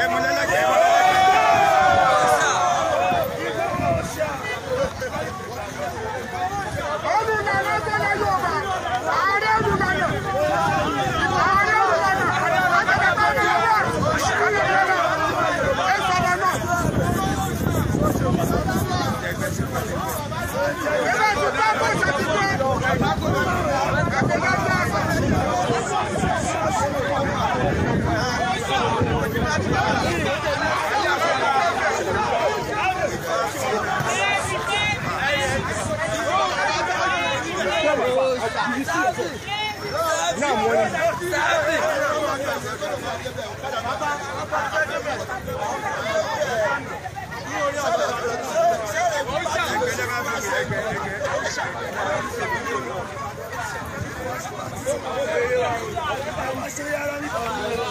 ẹ mú lẹ́ náà mọ ni. Thank you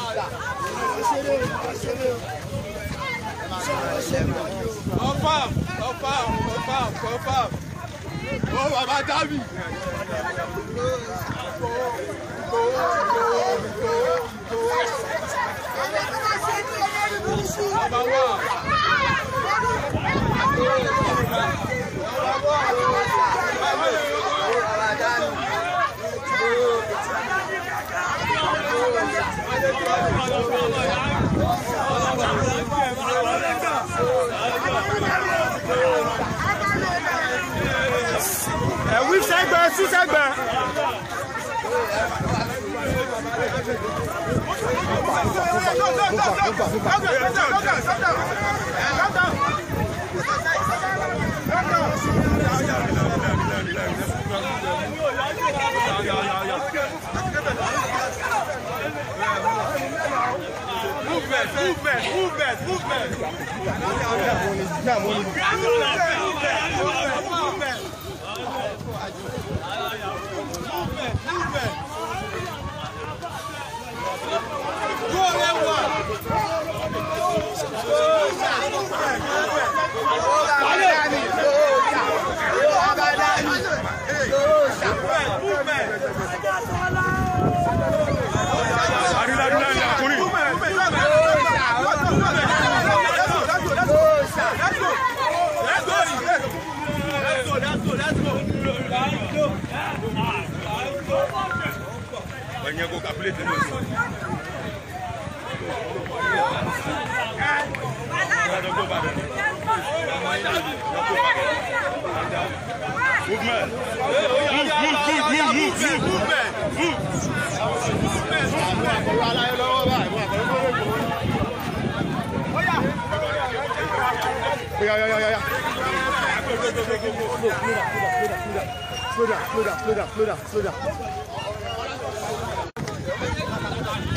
confam confam confam confam o baba tabi baba wa. sí sẹ́gbẹ̀. Movement, movement, movement, movement. Arriba, arriba. Movement. Move, move, move, move, move. Move. Movement. Yeah, yeah, yeah, yeah, yeah. Go, go, go, go, go, go. Slow down, slow down, slow down, slow down, slow down, slow down.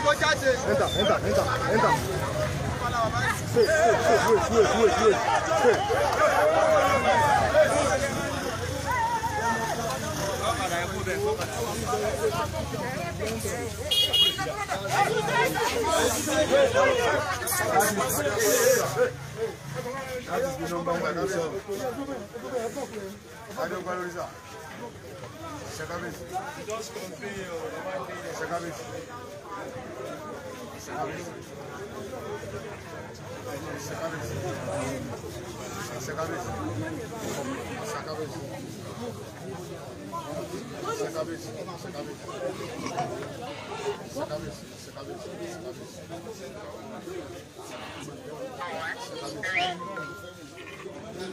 能打，能打，能打，能打。是是是是是是是。是。Se acabes. Dos confío, Se acabes. Se acabes. Se acabes. Se acabes. Se acabes. Se acabes. Se acabes. Se acabes. Se acabes. Se acabes. ẹ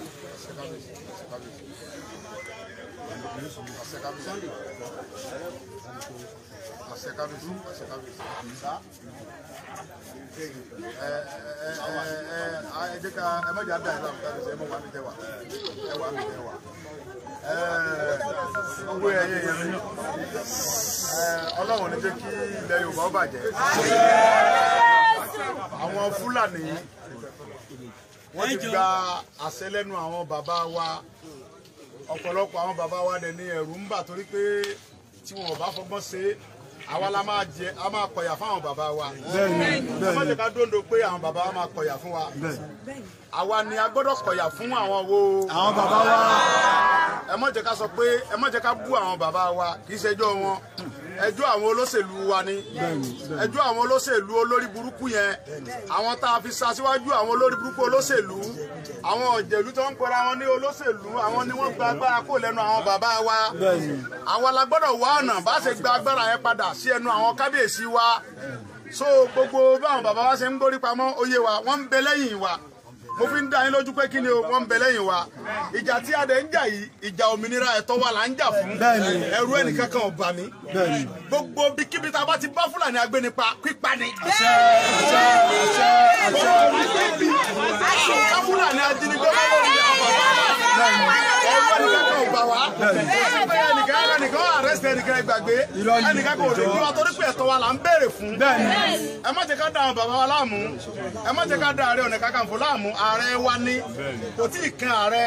jẹ́ ká ẹ má jẹ́ àdá ẹ̀ láwùjọ ẹ̀ mọ̀ wá mi tẹ́ wà ẹ̀ wà mi tẹ́ wà owó ẹyẹ yẹn mi ọlọ́run ní jẹ́ kí ilẹ̀ Yorùbá ó bàjẹ́ àwọn Fúlàní wọ́n ti gba àṣẹ lẹ́nu àwọn bàbá wa ọ̀pọ̀lọpọ̀ àwọn bàbá wa dẹ̀ ní ẹ̀rù ń bà torí pé tí wọn ò bá fọgbọ́n ṣe àwa la máa jẹ a máa kọ̀yà fáwọn bàbá wa. bẹ́ẹ̀ni bẹ́ẹ̀ni ọmọdé ká dóńdó pé àwọn bàbá wa máa kọ̀yà fún wa. bẹ́ẹ̀ni àwa ni a gbọ́dọ̀ kọ̀yà fún àwọn wo. àwọn bàbá wa. ẹ má jẹ́ ká sọ pé ẹ má jẹ́ ká bú àwọn bàbá wa kì í ṣẹjọ́ wọn ẹjọ́ àwọn olóṣèlú wa ni ẹjọ́ àwọn olóṣèlú olórí burúkú yẹn àwọn tá a fi sa síwájú àwọn olórí burúkú olóṣèlú àwọn ọ̀jẹ̀lú tó ń pera wọn ní olóṣèlú àwọn ni wọ́n gba agbára kó lẹ́nu àwọn bàbá wa àwa la gbọ́dọ̀ wá ọ̀nà bá ṣe gba agbára yẹn padà sí ẹnu àwọn kábíyèsí wa so gbogbo báwọn bàbá wa ṣe ń gbórí pamọ́ oyè wa wọ́n ń bẹ lẹ́yìn wa mo fi ń dá yín lójú pé kí ni wọ́n ń bẹ lẹ́yìn wa ìjà tí a dẹ̀ ń jà yìí ìjà òmìnira ẹ̀tọ́ wa là ń jà fún ẹrú ẹnìkankan ò bà mí gbogbo bíkíbi tá a bá ti bá fúlàní agbénipa pípa ni. gbogbo bíkíbi ká fúlàní ajínigbé bá wọlé àwọn bàbá wa ẹrú ẹnìkankan gbà wá ẹnìkan ẹnìkan ẹnìkan ìgbàgbé ẹnìkan kò lè gbé wa torí pé ẹ̀tọ́ wa là ń béèrè fún ẹ má jẹ́ ká da àwọn bàbá wa láàmú ẹ má jẹ́ ká da Ààrẹ Ọ̀nà Kakanfò láàmú ààrẹ wa ní kò tí ì kan ààrẹ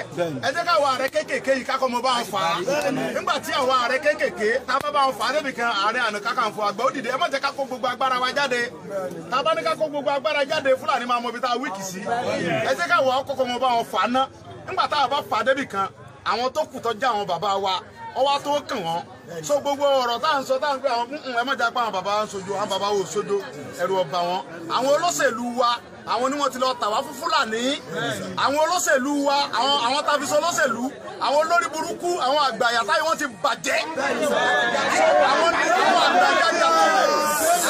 ẹ jẹ́ ká wọ ààrẹ kéékèèké yìí kákọ́ mọ bá ń fà á nígbà tí àwọn ààrẹ kéékèèké tá a bá bá ń fà á débi kan Ààrẹ Ọ̀nà Kakanfò àgbà ó ẹ má jẹ́ ká kó gbogbo agbára wa jáde tá a bá ní ká kó gbogbo agbára jáde Fúlàní máa mọ ibi tá a wíkì sí ẹ jẹ́ ká wọ ọkọ̀ kọ́ mọ bá wọn fà á ná nígbà tá a bá fà á débi kan àwọn tó kù tọ́jú àwọn bàbá wa wọ́n wá tó kàn wọ́n so gbogbo ọ̀rọ̀ tá à ń sọ tá à ń pè àwọn nǹkan ẹ mọ̀jà pa àwọn bàbá wa ń sojo àwọn bàbá wa ò sojo ẹ̀rù ọba wọn àwọn olóṣèlú wa àwọn ni wọ́n ti lọ tà wá fún Fúlàní àwọn olóṣèlú wa àwọn àwọn tafiṣọ olóṣèlú àwọn olórí burúkú àwọn àgbà yàtá yìí wọ́n ti bàjẹ́ àwọn ní àwọn àgbà yàtá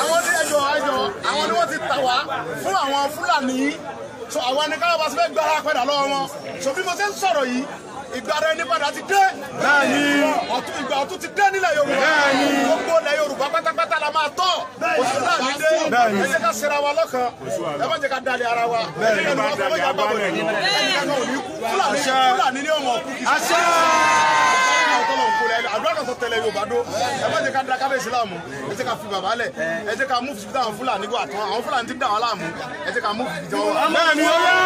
àwọn ní ẹjọ́ ẹjọ́ àwọn ni wọ́n ti tà wá fún àwọn Fúlàní so àwọn ẹni káwọn bá ti fẹ́ gbára padà lọ́wọ́ wọn so bí mo ṣe ń sọ̀rọ̀ yìí ìgbà rẹ ní padà ti dé. bẹ́ẹ̀ni. ọ̀tún ìgbà ọ̀tún ti dé nílẹ̀ yorùbá. bẹ́ẹ̀ni. gbogbo ilẹ̀ yorùbá pátápátá la máa tọ̀. oṣù náà ní dé. bẹ́ẹ̀ni. ẹ jẹ́ ká ṣera wa lọ́kàn. ẹ má jẹ́ ká dalẹ̀ ara wa. bẹ́ẹ̀ni ẹ má dalẹ̀ ara wa. fúlàní ni ọmọ kú. àṣẹ. àdúrà kan tó tẹ̀lé yorùbá dó. ẹ má jẹ́ ká da kábíyèsí láàmú. ẹ jẹ́ ká fi bàbá lẹ̀. ẹ jẹ́ ká mú fìfì táwọn fúlàní wà tán. àwọn fúlàní ti dà wọ́n láàmú. ẹ jẹ́ ká mú fìfì jọ wọn. bẹ́ẹ̀ni ó yá.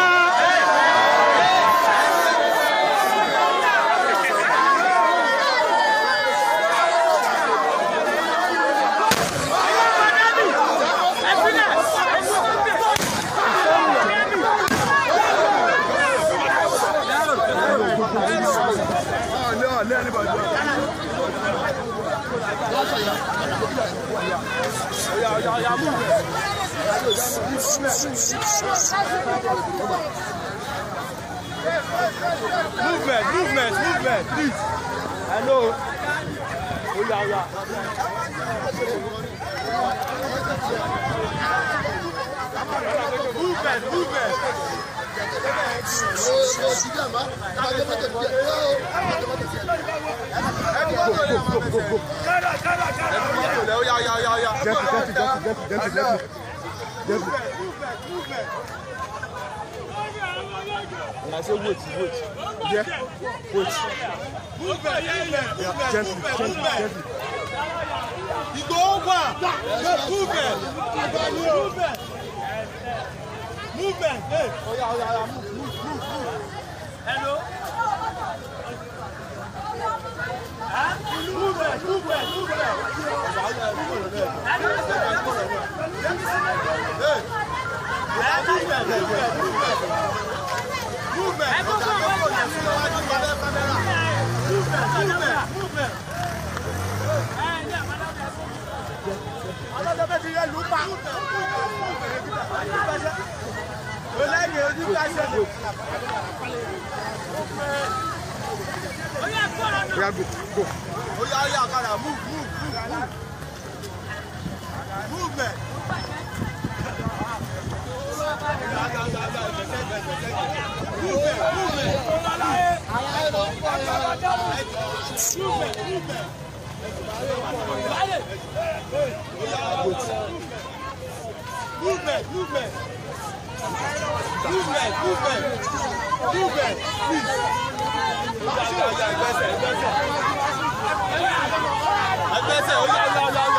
Movement, movement, movement, please. I know. Oh yeah, yeah. Movement, movement. And I say, wait, wait. Yeah, wait. Yeah, gently, gently, gently. Ìgbò wà, move it, move it. Movement. Hey. Oh yeah, oh yeah, yeah. Move, move, move, move. Hello. Huh? Movement, movement, movement. Hey. Yeah, movement, movement, movement. Movement. Movement. Movement. Movement. Hey, yeah, madame, that's all. Ọlọ́dọ̀ bẹ́ẹ̀ fi rẹ̀ lù pa olórí ojú káṣẹ́ lè fún un. Oya oya ọ̀kadà move move move movement. Movement movement. Movement movement. Movement movement. Movement, movement, movement, please. Ẹgbẹ́sẹ̀, ẹgbẹ́sẹ̀. Ẹgbẹ́sẹ̀, ó yá, yá, yá.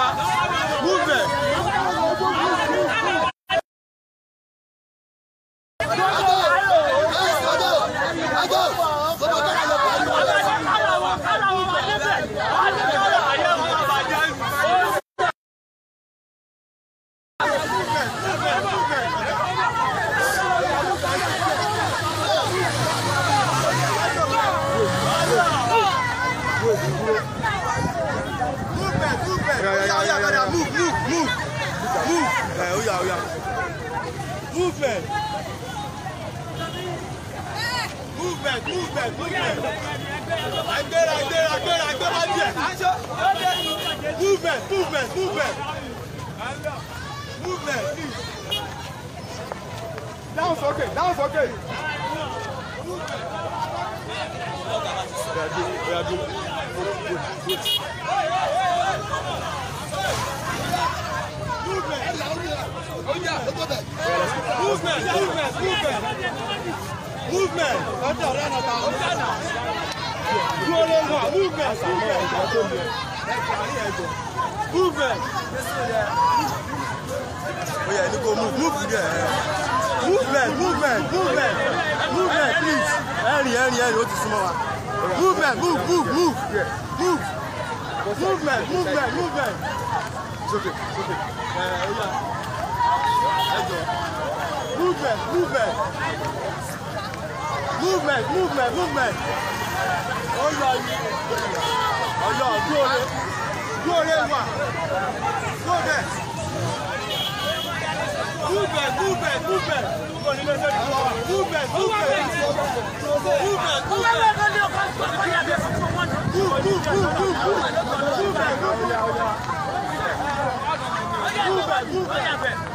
movement. movement movement movement. agbera agbera agbera agbera díẹ̀. movement movement movement. movement. down sókè down sókè. Oya dúró, oya dúró, dúró, dúró. Movement. Movement, movement, movement. Movement. Ọjọ́ ọ̀rẹ́ náà ta ọjọ́ náà. Dúró ló ń wà, movement, movement. Movement. Oh yeah, ní go. move, move there. Movement, movement, movement, movement please. Ẹ̀rìn ẹ̀rìn ẹ̀rìn ó ti súnmọ́ Movement, move, move, move, move. Movement, movement, movement. It's okay, it's okay. Uh, oh, yeah. Movement, movement. Movement, movement, movement. Ọ̀yọ́ yìí. Ọ̀yọ́ dúore. Dúore wà. Dúore. Movement, movement, movement. Movement, movement. Movement, movement. Move, move, move, move, move. Movement, movement. Movement, movement.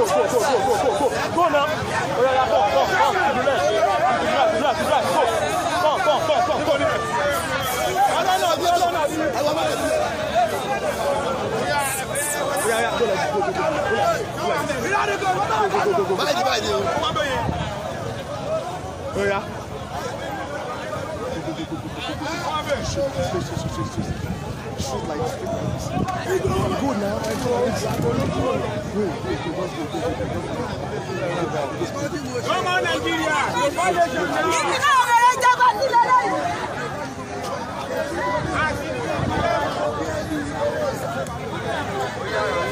go go go go go go go go now. Oh yeah, yeah, come come come to the left, to the left, to the left, to the left. Go, come come come come go there. I don't know, I don't know. I don't know. Yeah, yeah, go left, go go go go left, go left. Go go go go. Bye bye. Oh yeah. Shoot like this. Good now. Come on, Nigeria! lè jẹ ọmọ nàìjíríà.